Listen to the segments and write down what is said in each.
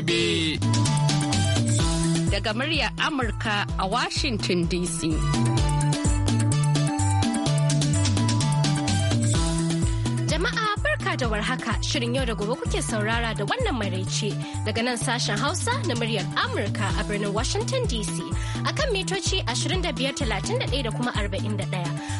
gobe. Daga muryar Amurka a Washington DC. Jama'a barka da warhaka shirin yau da gobe kuke saurara da wannan maraice daga nan sashen Hausa na muryar Amurka a birnin Washington DC akan mitoci 31 da kuma 41.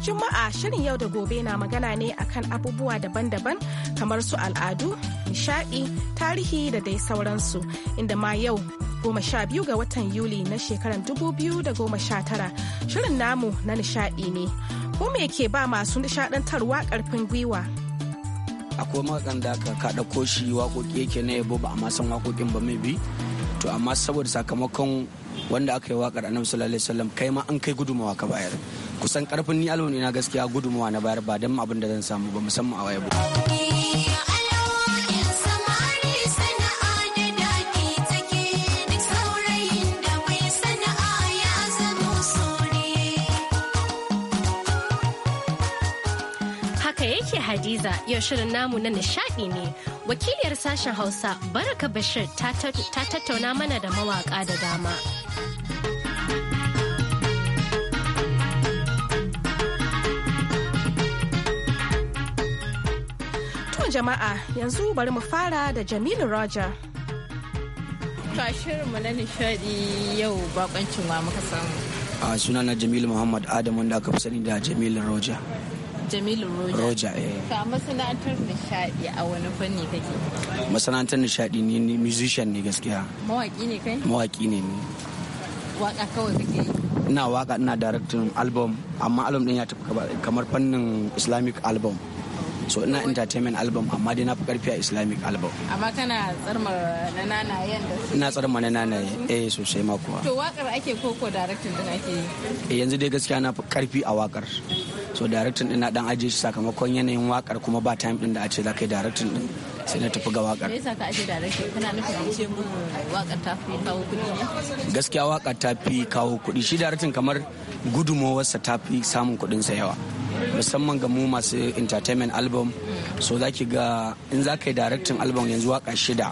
Juma'a shirin yau da gobe na magana ne akan abubuwa daban-daban kamar su al'adu, nishaɗi tarihi da dai sauransu inda ma yau goma sha biyu ga watan Yuli na shekarar dubu biyu da goma sha tara shirin namu na nishaɗi ne. Ko me ke ba masu nishadantarwa karfin gwiwa? Akwai makan da ka kaɗa shi waƙoƙi yake na yabo ba a ma waƙoƙin ba mai bi. To amma saboda sakamakon wanda aka yi wakar annabi sallallahu alaihi wasallam kai ma an kai gudumawa ka bayar kusan karfin ni alwani na gaskiya gudumawa na bayar ba dan abin da zan samu ba musamman a waya Hadiza yau shirin namu na nishadi ne wakiliyar sashen Hausa Baraka Bashir ta tattauna mana da mawaƙa da dama. jama'a yanzu bari mu fara da Jamilu Roger. mu na nishadi yau bakoncin wa muka samu. A suna na Jamilu Muhammad Adam wanda aka fi sani da Jamilu Roger. Jamilu Roja. Roja, eh. Ka masana'antar nishadi a wani fanni kake? Masana'antar nishadi ne ni musician ne gaskiya. Mawaki ne kai? Mawaki ne ni. Waka kawai kake yi? Ina waka ina directing album amma album din ya tafi kamar fannin Islamic album. so ina entertainment album amma dai na fi karfi a islamic album amma kana tsarmar na nanayen da ina tsarmar na nanaye eh sosai ma kuwa to wakar ake koko directing din ake yi eh yanzu dai gaskiya na fi karfi a wakar so directing din na dan aje shi sakamakon yanayin wakar kuma ba time din da a ce za ka yi directing din sai na tafi ga wakar. Me yasa ka aje direction kana nufin in ce mun wakar ta fi kawo kuɗi ne? Gaskiya wakar ta fi kawo kuɗi shi directing kamar gudunmawarsa ta fi samun kuɗinsa yawa. musamman ga mu masu entertainment album so za ki ga in za ka yi directing album yanzu waka shida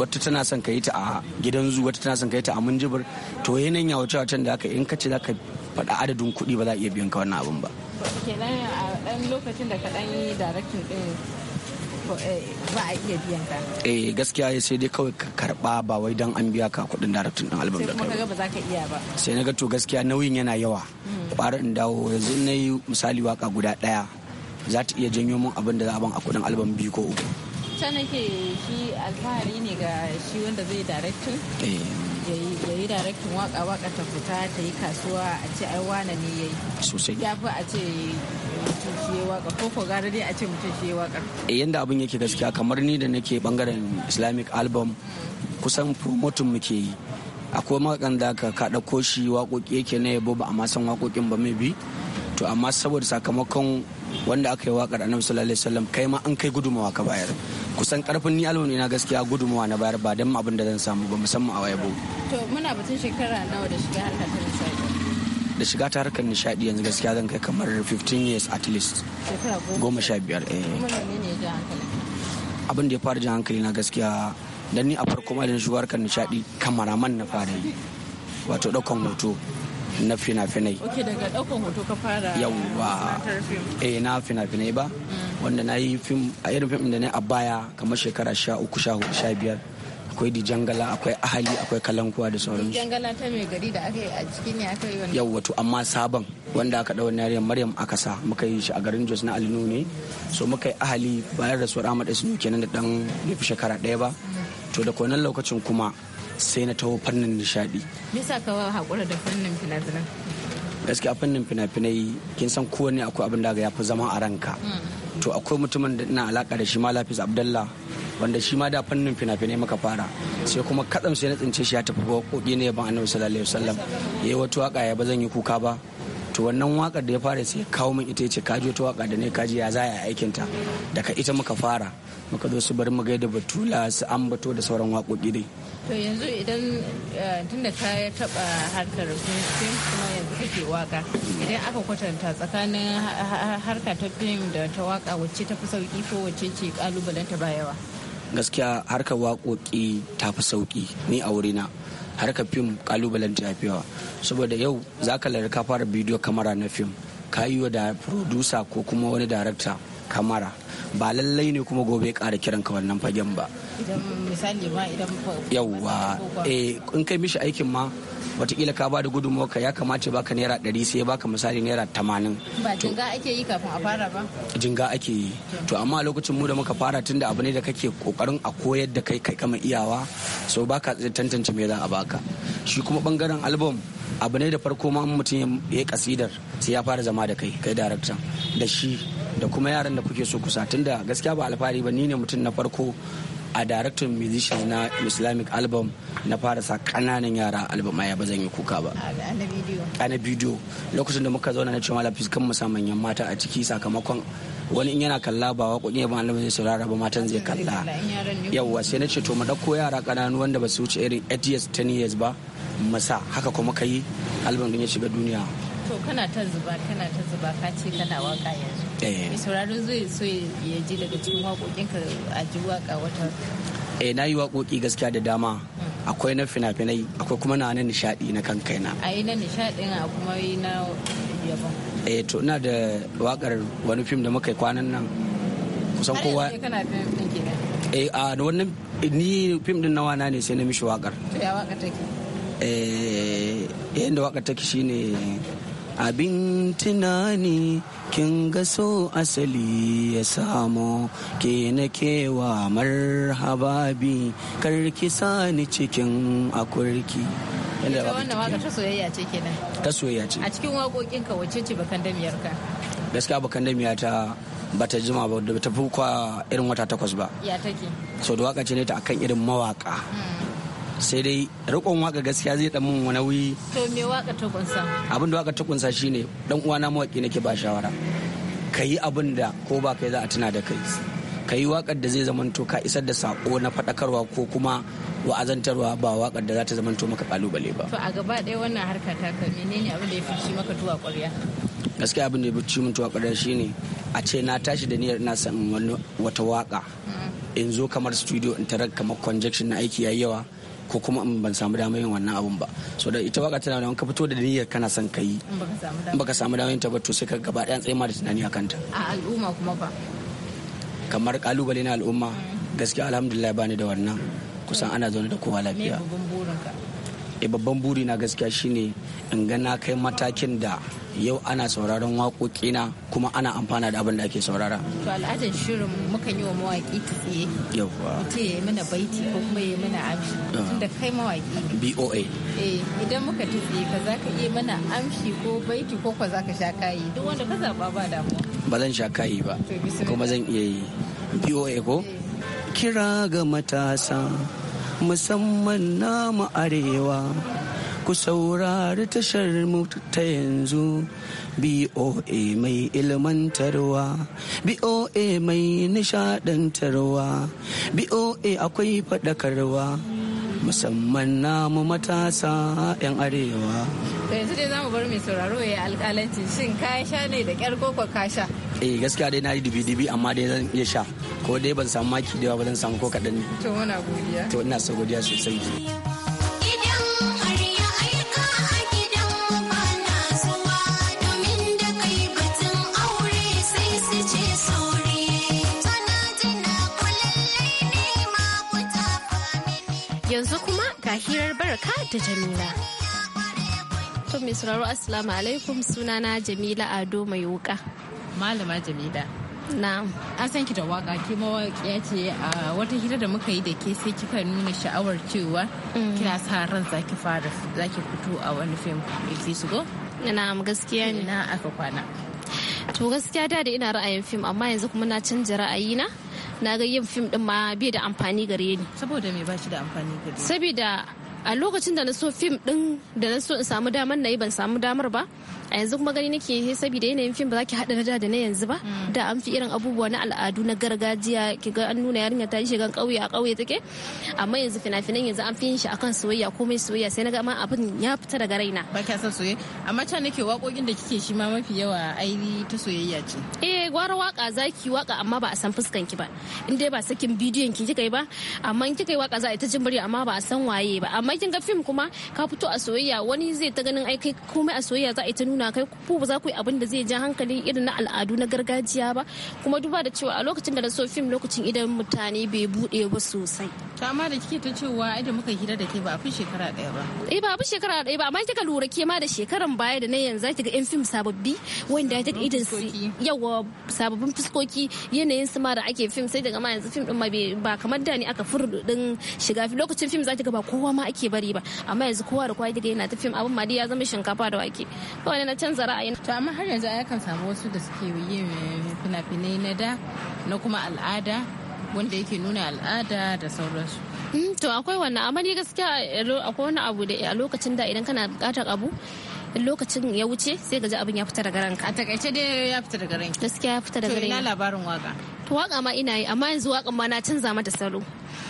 wata tana son ka yi ta a gidan zu wata tana son ka yi ta a munjibir to yanayin ya wace wacen da aka in ka ce za ka faɗa adadin kuɗi ba za a iya biyan ka wannan abin ba kenan a ɗan lokacin da ka ɗan yi directing ba eh, a iya biyan ka eh, gaskiya sai dai kawai ka karba ba wai dan an biya ka kuɗin daratun ɗin albam da kai sai na ga to gaskiya nauyin yana yawa hmm. ƙwarar in dawo yanzu na yi misali waka guda ɗaya za ta iya janyo min abin da za a ban a kuɗin alban biyu ko uku can nake shi alfahari ne ga shi wanda zai directin eh. ya yi directin waka waka ta fita ta yi kasuwa a ce ai wane ne ya yi sosai ya fi a ce mutum shi ya waka ko ko gara dai a ce mutum shi ya waka eh, yanda abin yake gaskiya kamar ni da nake bangaren islamic album kusan promotin muke yi akwai makan da ka ka ɗauko shi waƙoƙi yake na yabo ba a masan waƙoƙin ba mai bi to amma saboda sakamakon wanda aka yi waƙar annabi sallallahu alaihi wasallam kai ma an kai gudumawa ka bayar kusan karfin ni alwani na gaskiya gudunmawa na bayar ba don abin da zan samu ba musamman a wayabo to muna batun shekara nawa da shiga harkar nishadi da shiga ta harkar nishadi yanzu gaskiya zan kai kamar 15 years at least goma sha biyar eh abin da ya fara jan hankali na gaskiya dan ni a farko ma da shiga harkar nishadi kamaraman na fara yi wato ɗaukan hoto na fina-finai. Ok daga ɗaukan hoto ka fara yawwa eh na fina-finai ba mm. wanda na yi fim a irin fim da na a baya kamar shekara sha uku sha hudu sha biyar akwai dijangala akwai ahali akwai kalankuwa da sauransu. Dijangala ta mai gari da aka yi a ciki ne aka yi wani. Yawwa to amma sabon wanda aka ɗau nariyar Maryam aka sa muka yi shi a garin Jos na Alinu ne so muka yi ahali bayan rasuwar Ahmad Isnu kenan da ɗan bai fi shekara ɗaya ba mm. to da kwanan lokacin kuma sai na taho fannin nishadi me kawo ka da fannin fina finai gaskiya fannin fina-finai kin san ne akwai abin da ya fi zama a ranka hmm. to akwai mutumin da ina alaƙa da shi ma Lafiz Abdallah wanda shi ma da fannin fina-finai muka fara sai kuma kaɗan sai na tsince shi ya tafi ba ko ne ban annabi sallallahu alaihi wasallam yayi wata waka ya ba zan yi kuka ba to wannan wakar da ya fara sai kawo min ita ce kaji ta waka da ne kaji ya zaya aikin ta daga ita muka fara muka zo su bari mu gaida batula su ambato da sauran wakoki dai to yanzu idan eh, tunda ka ya taba harkar fim kuma yanzu kake waka idan aka kwatanta tsakanin harka ta fim da ta waka wacce ta fi sauki ko wacce ce kalubalen ta ba yawa gaskiya harkar waƙoƙi ta fi sauki ni a wurina harkar fim kalubalen ta saboda yau za ka ka fara bidiyo kamara na fim ka yi wa da producer ko kuma wani darakta kamara ba lallai ne kuma gobe kara kiran ka wannan fagen ba idan yauwa eh, in kai mishi aikin ma watakila ka ba da gudunmuwa ka ya kamata baka naira ɗari sai baka misali naira tamanin. ba jinga ake yi kafin a fara ba jinga ake yi to amma lokacin mu da muka fara tun da abu ne da kake kokarin a koyar da kai kai kama iyawa so baka tantance me za a baka shi kuma bangaren album abu ne da farko ma mutum ya yi kasidar sai ya fara zama da kai kai darakta da shi da kuma yaran da kuke so kusa tunda gaskiya ba alfahari ba ni ne mutum na farko a director musician na islamic album na fara sa kananan yara album ya ba yi kuka ba a na bidiyo lokacin da muka zauna na cewa lafiya kan musamman mata a ciki sakamakon wani in yana kalla ba waƙoƙin yaban album zai saurara ba matan zai kalla yawwa sai na ce to mu ɗauko yara kananu wanda ba su wuce irin 8 years 10 years ba masa haka kuma ka yi album din ya shiga duniya to kana ta zuba kana ta zuba ka ce kana waka yanzu eh. sauraro zai so ya ji daga cikin waƙoƙinka a ji waka wata eh na yi waƙoƙi gaskiya da dama hmm. akwai na fina-finai akwai kuma na nishaɗi na kan kaina a yi na nishaɗin a kuma yi na yabon eh to ina da waƙar wani fim da muka yi kwanan nan kusan kowa eh a wannan ni fim din nawa na ne sai na mishi waƙar to ya waƙa take eh yadda waƙa take shine abin tunani kin ga so asali ya samo ke na kewa marhababi karki sani cikin akurki ita wannan waka ta soyayya ce kenan ta soyayya ce a cikin wakokin ka wacce ce bakan damiyar ka gaskiya bakan damiya ta bata jima ba ta fi kwa irin wata takwas ba ya take so da waka ce ne ta akan irin mawaka hmm. sai dai rikon waka gaskiya zai dan mun wani wuyi to me waka ta kunsa abin da waka ta kunsa shine dan uwana mawaki nake ba shawara kayi abin da ko ba kai za a tuna da kai kayi wakar da zai zamanto ka isar da sako na fadakarwa ko kuma wa'azantarwa ba wakar da za ta zamanto maka kalubale ba to a gaba ɗaya wannan harka ta ka menene abin da ya fice maka tuwa ƙwarya gaskiya abin da ya fice mun tuwa ƙwarya shine a ce na tashi da niyyar na san wata waka mm. in zo kamar studio in tarar kamar conjection na aiki yayi yawa ko kuma in ban samu damar yin wannan abun ba so da ita waka tana da ka fito da niyyar kana son ka yi in baka samu damar yin ta ba to sai ka gaba ɗaya tsaye ma da tunani a kanta a al'umma kuma ba kamar kalubale na al'umma mm. gaskiya alhamdulillah bani da wannan kusan ana zaune da kowa lafiya e babban buri na gaskiya shine in ga na kai matakin da yau ana sauraron waƙoƙina kuma ana amfana da abin da ake saurara. To al'adar shirin mukan yi wa mawaƙi ta tsaye. Yawwa. Mutum ya yi mana baiti ko kuma ya yi mana amshi. Ah. Tun da kai mawaƙi. BOA. Eh idan muka ta tsaye ka za ka iya mana amshi ko baiti ko kwa za ka sha kayi duk wanda ka zaɓa ba damuwa. Ba zan sha kayi ba. Kuma zan iya yi. BOA ko? Eh. Kira ga matasa. musamman namu arewa ku saurari tashar mu ta yanzu BOA mai ilmantarwa BOA mai nishadantarwa BOA akwai faɗakarwa musamman namu matasa 'yan arewa. yanzu dai za mu bar mai sauraro ya alƙalanci shin kasha sha ne da kyar koko ka sha? eh gaskiya dai na yi dubi dubi amma dai zan iya sha ko dai ban samu maki da ba zan samu ko kaɗan ne to wana godiya to ina so godiya sosai yanzu kuma ga hirar baraka da jamila to mai sauraro assalamu alaikum sunana jamila ado mai wuka Malama Jamila. Na'am. An san ki da waka ki mawaƙiya ce a wata hira da muka yi da ke sai kika nuna sha'awar cewa mm. kina sa ran zaki fara zaki fito a wani fim ki su go? Na'am gaskiya ne. Na aka kwana. To gaskiya da da ina ra'ayin fim amma yanzu kuma na canja ra'ayi na. Na ga yin fim din ma bai da amfani gare ni. Saboda me ba shi da amfani gare ni? Saboda a lokacin da na so fim din da na so in samu damar na yi ban samu damar ba a yanzu kuma gani nake he saboda yanayin fim ba za ki haɗa na da da na yanzu ba mm. da an fi irin abubuwa na al'adu na gargajiya ki ga an nuna yarinya ta yi shigan ƙauye a ƙauye take amma yanzu fina-finan yanzu an fi yin shi akan soyayya komai soyayya sai na ga ma abin ya fita daga raina ba ka san soyayya amma ta nake waƙoƙin da kike shi ma mafi yawa aini ta soyayya ce eh gwara waka zaki waka amma ba a san fuskan ki ba in dai ba sakin bidiyon ki kika yi ba amma in kika yi waka za a ta jin murya amma ba a san waye ba amma aikin ga fim kuma ka fito a soyayya wani zai ta ganin aikai komai a soyayya za a yi ta nuna kai ko ba za ku yi abin da zai ja hankali irin na al'adu na gargajiya ba kuma duba da cewa a lokacin da na so fim lokacin idan mutane bai bude ba sosai kama da kike ta cewa idan muka hira da ke ba a fi shekara daya ba eh ba a fi shekara daya ba amma kika lura ke ma da shekaran baya da na yanzu ki ga yan fim sababbi wanda ya idan su yawa sababbin fuskoki yanayin su ma da ake fim sai daga ma yanzu fim din ma ba kamar da ne aka fur din shiga lokacin fim za ki ga ba kowa ma ake ake bari ba amma yanzu kowa da kowa da yana ta fim abin ma ya zama shinkafa da wake kawai na canza ra'ayi to amma har yanzu akan samu wasu da suke yin fina-finai na da na kuma al'ada wanda yake nuna al'ada da sauransu mm, to akwai wannan amma ni gaskiya eh, akwai wani abu da a lokacin da idan kana bukatar abu in lokacin ya wuce sai gaji abin ya fita daga ranka a takaice dai ya fita daga ranka gaskiya ya fita daga ranka to ina labarin waka to waka ma ina yi amma yanzu waka ma na canza mata salo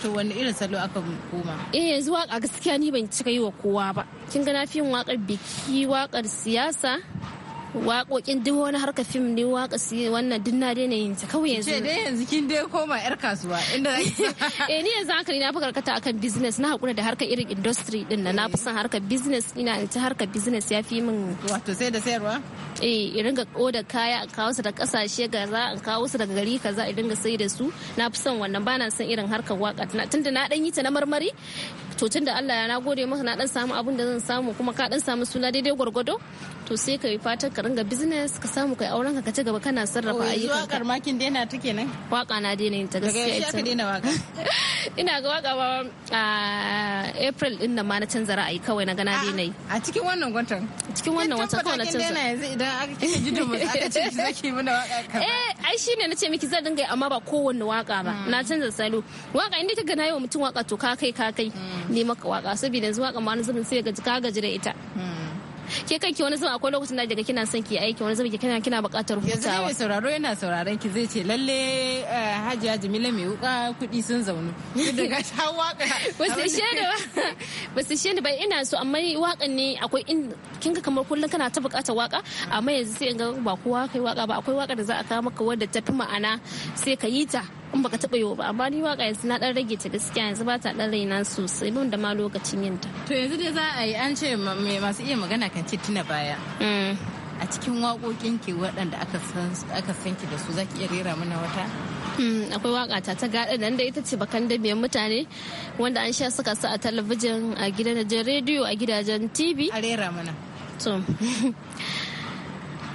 to wani irin salo aka koma eh yanzu waka gaskiya ni ban cika yi wa kowa ba kin ga na fi yin wakar biki wakar siyasa waƙoƙin duk wani harka fim ne waƙa si wannan duk na daina yin ta kawai yanzu. Ce dai yanzu kin dai koma yar kasuwa inda eh ni yanzu hankali na fi karkata akan business na hakura da harkar irin industry din na na fi son harkar business ina in ta harkar business ya fi min. Wato sai da sayarwa? Eh irin ga oda kaya in kawo su da kasashe za in kawo su daga gari kaza in dinga sai da su na fi son wannan ba na son irin harkar waƙa tunda na dan yi ta na marmari to tunda Allah ya na gode maka na dan samu abun da zan samu kuma ka dan samu suna daidai gwargwado to sai ka yi fatan ka ringa business ka samu kai auren ka ci gaba kana sarrafa oh, ayyuka ka wakar makin daina ta kenan waka na dena ta gaskiya ita ka dena waka ina ga waka ba a April din nan ma na canza ra'ayi kawai na gana dena yi a cikin wannan watan cikin wannan watan kawai na canza daina yanzu idan aka kike gidu mu aka ce ki zaki muna waka ka eh ai shine nace miki zan dinga amma ba kowanne waka ba hmm. na canza salo waka inda kaga nayi wa mutum waka to ka kai ka kai hmm. ne maka waka saboda yanzu waka ma na zubin sai ga ka gaji da ita hmm. ke kanki wani zama akwai lokacin da daga kina son ki aiki wani zama kina kina buƙatar hutawa yanzu mai sauraro yana sauraron ki zai ce lalle eh, Hajiya Jamila mai wuka kuɗi sun zaunu daga ta waka ba su shaida ba ba su shaida ba ina so amma wakan ne akwai in kin ga kamar kullun kana ta buƙatar waka amma yanzu sai in ga ba kowa kai waka ba akwai waka da za a kawo maka wadda ta fi ma'ana sai ka yi ta in baka taɓa yi ba amma ni waka yanzu na ɗan rage ta gaskiya yanzu ba ta ɗan raina sosai ban da ma lokacin yin ta. To yanzu dai za a yi an ce masu iya magana kan ce tuna baya. Mm. A cikin waƙoƙin ki waɗanda aka san ki da su za ki iya rera mana wata? Mm, akwai waka ta ta gaɗa nan da ita ce bakan da biyan mutane wanda an sha suka sa a talabijin a gidajen rediyo a gidajen tv a rera mana to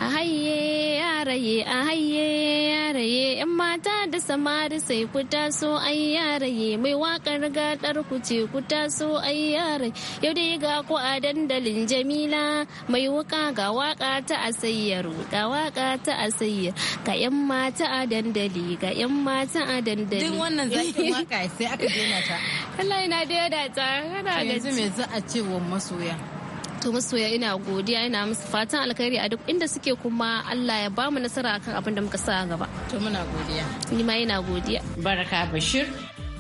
a haye yaraye a haye yaraye yan mata da samari sai ku taso ai yaraye mai wakar gadar ku ce ku taso ai yaraye yau dai ga ku a dandalin jamila mai wuka ga waka ta asayyaru ga waka ta asayyar ga yan mata a dandali ga yan mata a dandali duk wannan yi waka sai aka daina ta Allah na daina ta kana ga yanzu me za a ce wa masoya to masoya ina godiya ina musu fatan alkhairi a duk inda suke kuma Allah ya bamu nasara akan abin da muka sa gaba to muna godiya ni ma ina godiya baraka bashir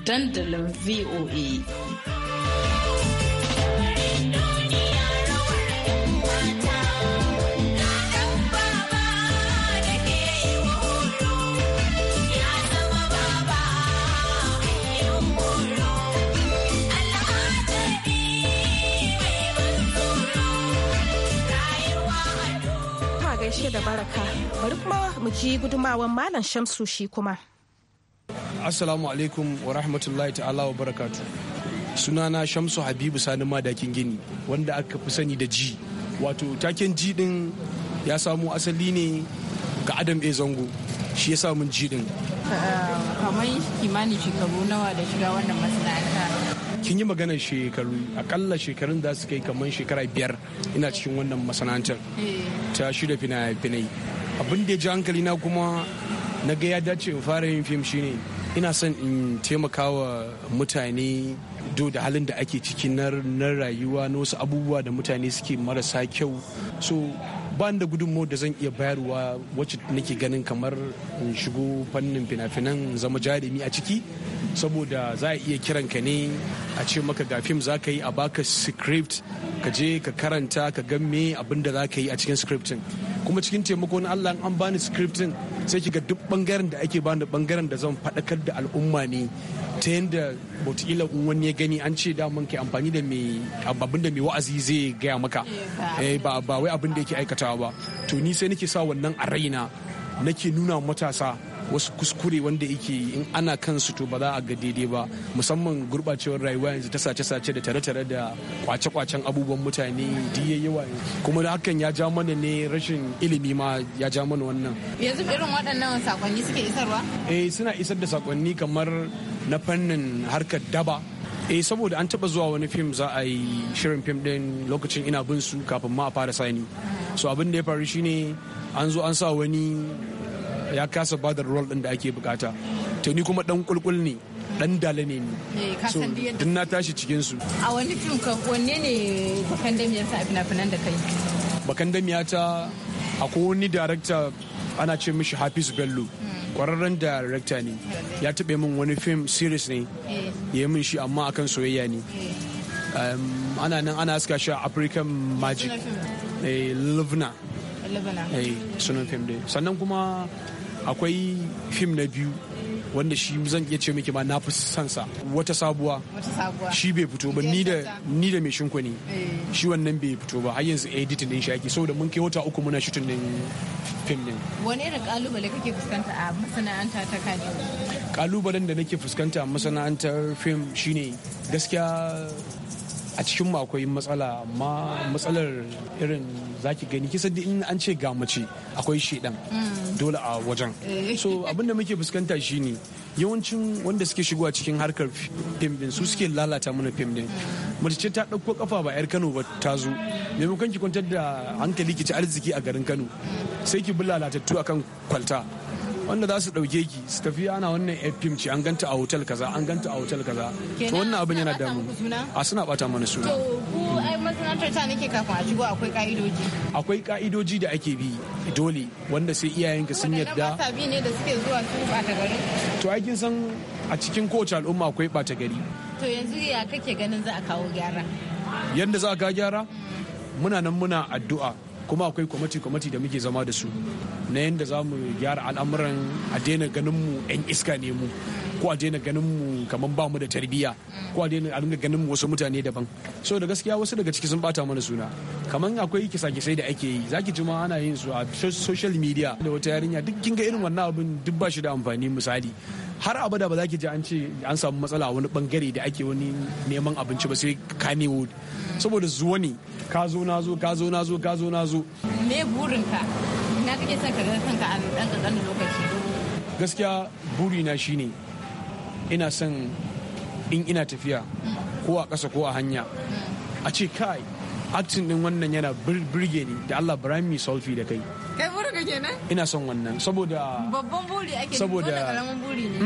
dandalin VOA gaishe da baraka. Bari kuma mu ji gudumawan Malam Shamsu shi kuma. Assalamu alaikum wa rahmatullahi ta'ala wa barakatu. Sunana Shamsu Habibu Sani Madakin Gini wanda aka fi sani da ji. Wato taken ji din ya samu asali ne ga Adam A. Zango. Shi ya samun ji din. Kamar kimanin shekaru nawa da shiga wannan masana'anta kin yi magana shekaru akalla shekarun da suka yi kamar shekara biyar ina cikin wannan masana'antar eh. ta shida fina-finai abin da ya ji hankali na kuma na ga ya dace in fara yin fim shine ina son in taimaka wa mutane do da halin da ake ciki na rayuwa na wasu abubuwa da mutane suke marasa kyau so ban da gudunmawar da zan iya bayarwa wacce nake ganin kamar in shigo fannin fina-finan zama jarumi a ciki saboda za a iya kiran ka ne a ce maka ga fim za ka yi a baka script ka je ka karanta ka ga me abin da za ka yi a cikin scriptin kuma cikin taimako na Allah an bani scripting sai ki ga duk bangaren da ake bani bangaren da zan faɗakar da al'umma ne ta yadda wataƙila wani ya gani an ce daman ke amfani da mai abin da mai wa'azi zai gaya maka eh, eh, ba wai abin da yake aikatawa ba to ni sai nake sa wannan a raina nake nuna matasa wasu kuskure wanda yake yi in ana kansu to ba za a ga daidai ba musamman gurɓacewar rayuwa yanzu ta sace-sace da tare-tare da kwace-kwacen abubuwan mutane duk yayi yawa kuma da hakan ya ja mana ne rashin ilimi ma ya ja mana wannan yanzu irin waɗannan sakonni suke isarwa eh suna isar da sakonni kamar na fannin harkar daba eh saboda an taba zuwa wani fim za a yi shirin fim din lokacin ina bin su kafin ma a fara sani so abin da ya faru shine an zo an sa wani ya kasa ba da role din da ake bukata to ni kuma dan kulkul ne dan dala ne ni eh, so din na tashi cikin su a wani fim kan wanne ne bakan damiyar ta abin afinan da kai bakan damiya ta akwai wani director ana ce mishi Hafiz Bello hmm. kwararren director ne ya taɓa min wani film series ne eh. ya min shi amma akan soyayya ne eh. um, ana nan ana aska shi African Magic Livna Eh, sunan fim ne sannan kuma akwai fim na biyu wanda shi zan iya ce miki ma na fi sansa wata sabuwa shi bai fito ba ni da ni da mai shinko ne eh. shi wannan bai fito ba har yanzu editing din shi ake saboda mun kai wata uku muna shooting din film din wani irin kalubale kake fuskanta a masana'anta ta kalubalen da nake fuskanta a masana'antar film shine gaskiya a cikin mu akwai matsala amma matsalar irin zaki gani kisa in an ce ga mace akwai shedan mm. dole a wajen eh. so abin da muke fuskanta shine yawancin wanda suke shigowa cikin harkar fim din su suke lalata mana fim din mace ce ta dauko kafa ba yar Kano ba ta zo maimakon ki kwantar da hankali ki ci arziki a garin Kano sai ki bi lalatattu akan kwalta wanda za su ɗauke ki su tafi ana wannan fim ce an ganta a hotel kaza an ganta a hotel kaza to wannan abin yana damu a suna bata mana suna to ku ai masana'antar ta nake kafin a shigo akwai ka'idoji akwai ka'idoji da ake bi dole wanda sai iyayenka sun yadda wanda bi ne da suke zuwa su bata gari to ai kin san a cikin kowace al'umma akwai bata gari to yanzu ya kake ganin za a kawo gyara yanda za a kawo gyara mm. muna nan muna addu'a kuma akwai kwamati-kwamati da muke zama da su na yadda za mu gyara al'amuran a daina ganin mu 'yan iska ne mu ko a daina ganin mu kamar ba mu da tarbiyya ko a daina a ganin mu wasu mutane daban so da gaskiya wasu daga ciki sun bata mana suna kamar akwai kisa-kisai da ake yi zaki ji ma ana yin su a social media da wata yarinya duk kin ga irin wannan abin duk ba shi da amfani misali har abada ba za ki ji an ce an samu matsala a wani bangare da ake wani neman abinci ba sai ka wood saboda zuwa ne ka zo na zo ka zo na zo ka zo na zo me burinka na kake son ka ga kanka a dan kan lokaci gaskiya burina shine ina son in ina tafiya ko a ƙasa ko a hanya a ce kai actin din wannan yana birge ni da Allah Ibrahim Salfi da kai kai burin ka kenan ina son wannan saboda babban buri ake saboda kalaman buri ne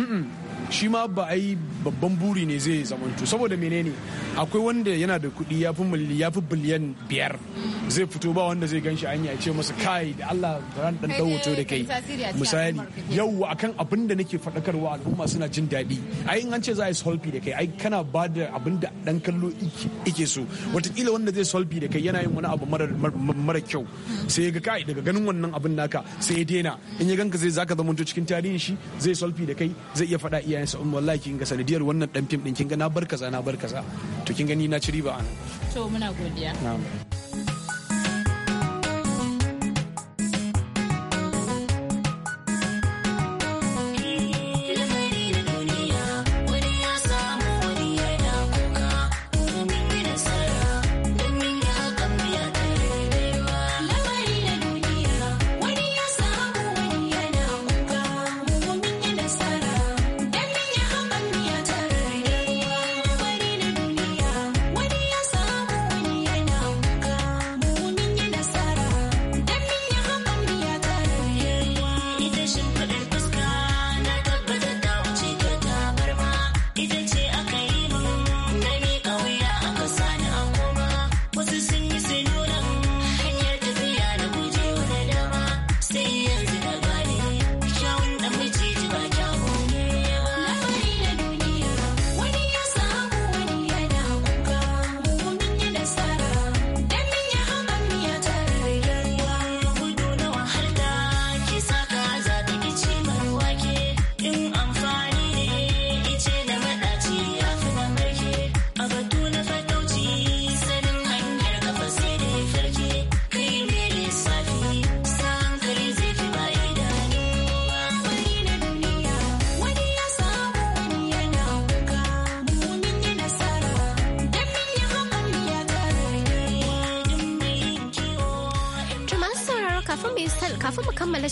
shi ma ba a yi babban buri ne zai zamanto saboda menene akwai wanda yana da kuɗi ya fi ya biliyan biyar zai fito ba wanda zai gan shi anya ya ce masa kai da Allah ran dan dawo da kai misali yau akan abin da nake faɗakarwa al'umma suna jin daɗi a in an ce za a yi solfi da kai ai kana ba da abin da dan kallo ike so watakila wanda zai solfi da kai yana yin wani abu mara kyau sai ya ga kai daga ganin wannan abin naka sai ya daina in ya ganka zai zaka zamanto cikin tarihin shi zai solfi da kai zai iya faɗa iya iyayensa sa umm, wallahi kin ga sanadiyar wannan dan fim din kin ga na barkaza na bar kaza to kin gani na ci riba an to muna godiya na'am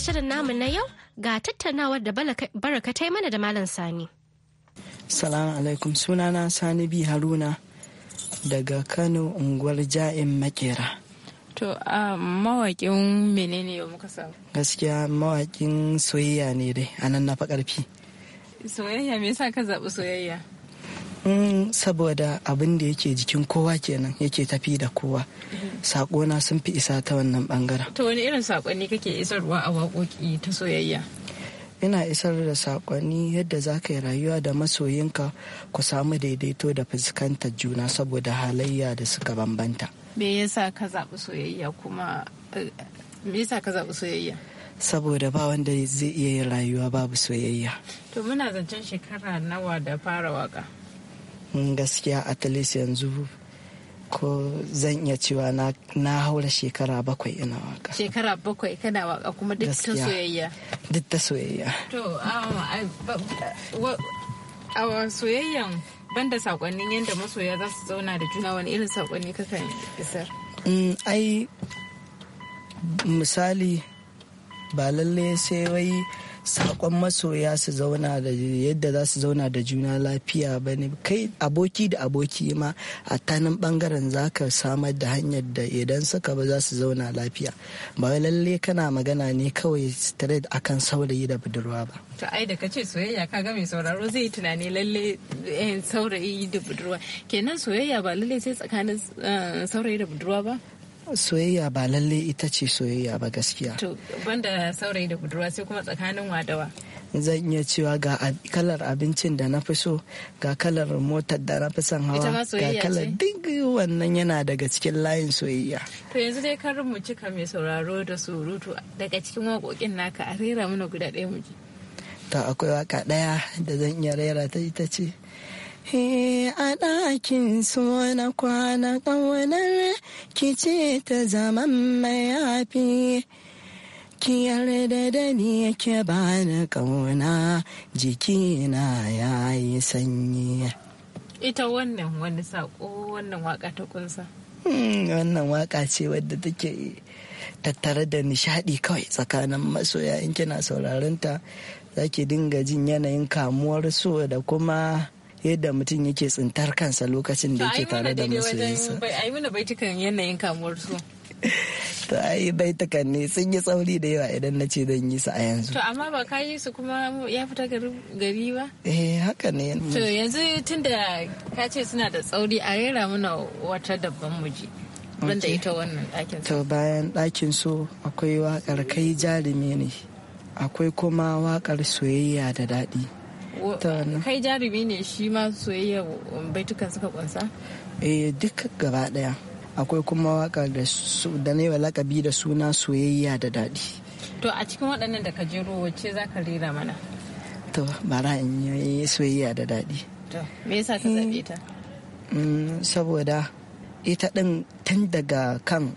shirin namu na yau ga tattaunawar da baraka ta mana da Malam Sani. Salamu alaikum sunana Sani bi Haruna daga Kano unguwar Ja'in Makera. To a mene menene yau muka samu? Gaskiya mawakin soyayya ne dai a nan na fa ƙarfi. Soyayya me yasa ka zaɓi soyayya? Mm, saboda abin da yake jikin kowa kenan yake tafi da kowa sakona sun fi isa ta wannan bangaren to wani irin sakonni kake isarwa a waƙoƙi ta soyayya ina isar da sakonni yadda za ka yi rayuwa da masoyinka ku samu daidaito da fuskantar juna saboda halayya da suka bambanta me yasa ka zaɓi soyayya kuma eh, me yasa ka zaɓi soyayya saboda ba wanda zai iya yin rayuwa babu soyayya to muna zancen shekara nawa da fara waka Mm, gaskiya at least yanzu ko zan iya cewa na haura shekara bakwai ina waka shekara bakwai kana waka kuma duk ta soyayya duk ta soyayya to um, uh, a soyayyan banda sakonnin yadda masoya za su zauna da juna wani irin sakonni kakan isar mm, ai misali ba lalle sai wai sakon masoya su zauna da yadda za su zauna da juna lafiya ba ne kai aboki da aboki ma a tanin bangaren za ka samar da hanyar da idan suka ba za su zauna lafiya ba lalle kana magana ne kawai straight akan saurayi da budurwa ba to ai da kace soyayya ka ga mai sauraro zai tunani lalle eh, saurayi da budurwa kenan soyayya ba lalle sai tsakanin eh, saurayi da budurwa ba soyayya ba lalle ita ce soyayya ba gaskiya to banda saurayi da budurwa sai kuma tsakanin wadawa zan iya cewa ga kalar abincin da na fi so ga kalar motar da na fi son hawa ga kalar duk wannan yana daga cikin layin soyayya to yanzu dai karin mu cika mai sauraro da surutu daga cikin waƙoƙin naka a rera mana guda ɗaya mu ji to akwai waka ɗaya da zan iya rera ta ita ce a ɗakin so na kwana ƙaunar ki ce ta zaman mayafi. Ki yarda da ni ke bani ƙauna jikina ya yi sanyi. Ita wannan wani saƙo wannan waka ta kunsa. Hmm, wannan waka ce wadda take tattare da nishaɗi kawai tsakanin masoya in kina sauraron ta za ki dinga jin yanayin kamuwar so da kuma yadda mutum yake tsintar kansa lokacin da yake tare da masoyinsa ai mana baitukan yanayin kamuwar su to ai baitukan ne sun yi tsauri da yawa idan na ce zan yi su a yanzu to amma ba ka yi su kuma ya fita gari ba eh haka ne to yanzu tunda ka ce suna da tsauri a rera mana wata dabban muji banda ita wannan ɗakin to bayan ɗakin so akwai waƙar kai jarumi ne akwai kuma waƙar soyayya da daɗi kai jarumi ne shi ma soyayya baitukan suka kunsa eh duk gaba daya akwai kuma waka da su da ne lakabi da suna soyayya da daɗi to a cikin waɗannan da ka jero wacce za ka rera mana to bara in yi soyayya da daɗi to me yasa ka zabe ta eh, mm, saboda ita ɗin tun daga kan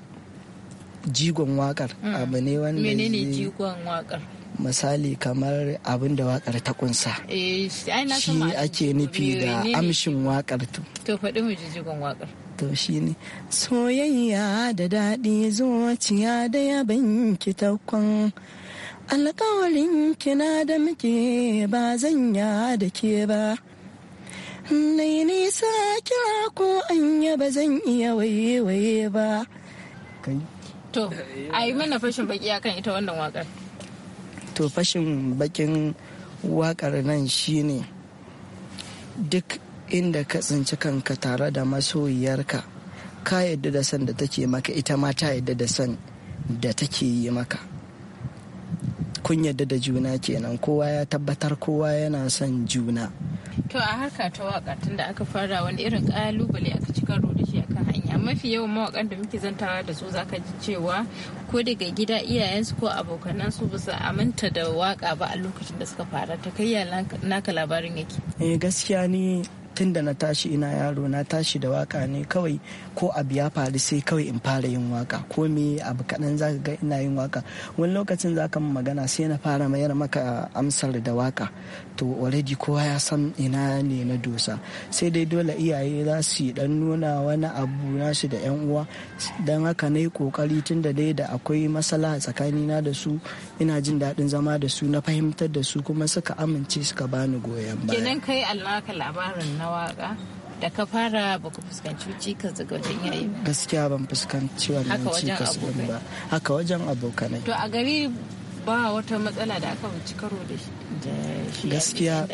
jigon wakar mm. abu ne wanda menene jigon wakar misali kamar abin da wakar ta kunsa eh, shi ake nufi eh, da amshin wakar to to faɗi mu jijigon wakar to shi ne soyayya da daɗi zuciya da yabin ki taukon alkawarin kina da muke ba zan ya da ke ba nai nisa kira ko anya ba zan iya waye waye ba to a yi mana fashin baki akan ita wannan wakar to fashin bakin wakar nan shine duk inda ka tsinci kanka tare da masoyiyarka ka yadda da san da take maka ita ma ta yadda da san da take yi maka kun yadda da juna kenan kowa ya tabbatar kowa yana son juna to a harka ta waka tun da aka fara wani irin kalubale aka ci karo da shi a mafi yawan mawakan da muke zantawa da su zaka ji cewa ko daga gida iyayensu ko abokanansu ba su aminta da waka ba a lokacin da suka fara ta kai naka labarin yake eh gaskiya ni tun da na tashi ina yaro na tashi da waka ne kawai ko abu ya faru sai kawai in fara yin waka ko me abu kaɗan za ga ina yin waka wani lokacin za ka magana sai na fara mayar maka ah, amsar da waka to already kowa ya san ina ne na dosa sai dai dole iyaye za su yi dan nuna wani abu nasu da yan uwa don haka na yi kokari tun da dai da akwai masala tsakanina da su ina jin daɗin zama da su na fahimtar da su kuma suka amince suka bani goyon baya kenan kai alaka labarin na waka da ka fara ba ku fuskanci cikas daga wajen iyaye ba gaskiya ban fuskanci wannan cikas din ba haka wajen abokanai to a gari ba wata matsala da aka wuce karo da shi gaskiya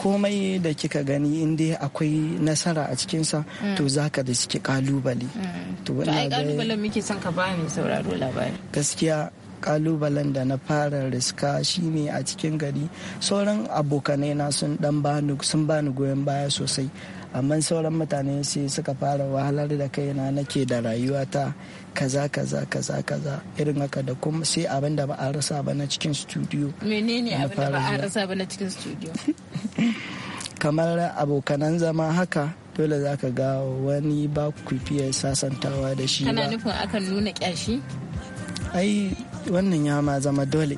komai da kika gani inda akwai nasara a cikinsa mm. to zaka da suke kalubale mm. to ai kalubale muke son ka ba mai sauraro labari gaskiya kalubalen da na fara riska shine a cikin gari sauran abokanai na sun dan bani sun bani goyon baya sosai amma sauran mutane sai suka fara wahalar da kaina nake da rayuwata kaza kaza kaza kaza irin haka da kuma sai abin da ba a rasa ba na cikin studio menene abin da ba a rasa ba na cikin studio kamar abokanan zama haka dole za ka ga wani ba ku fiye sasantawa da shi ba. kana nufin akan nuna kyashi ai wannan ya ma zama dole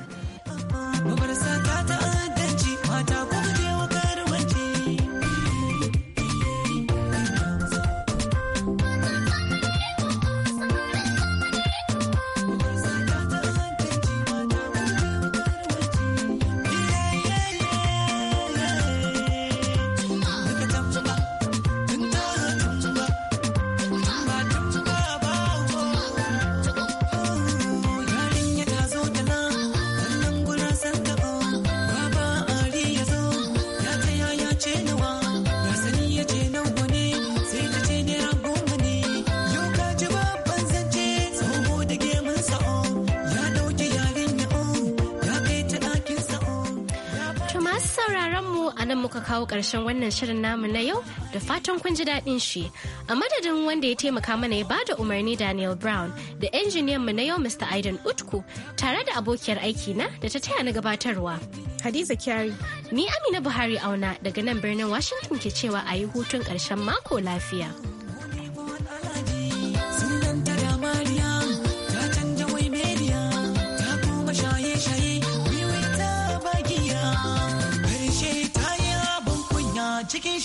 kawo ƙarshen wannan shirin namu na yau da fatan kun ji daɗin shi. A madadin wanda ya taimaka mana ya bada umarni Daniel Brown da injiniyan mu na yau Mr. Aidan Utku tare da abokiyar aiki na da ta taya na gabatarwa. Hadiza Kyari. Ni Amina Buhari auna daga nan birnin Washington ke cewa a yi hutun karshen mako lafiya.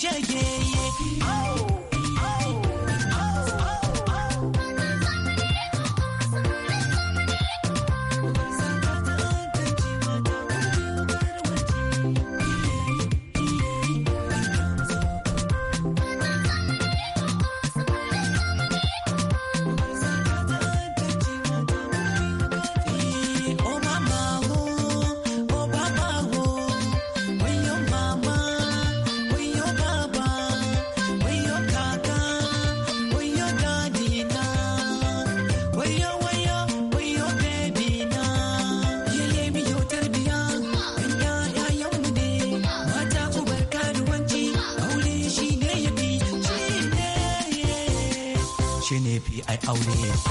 yeah, yeah, yeah. Oh. aure.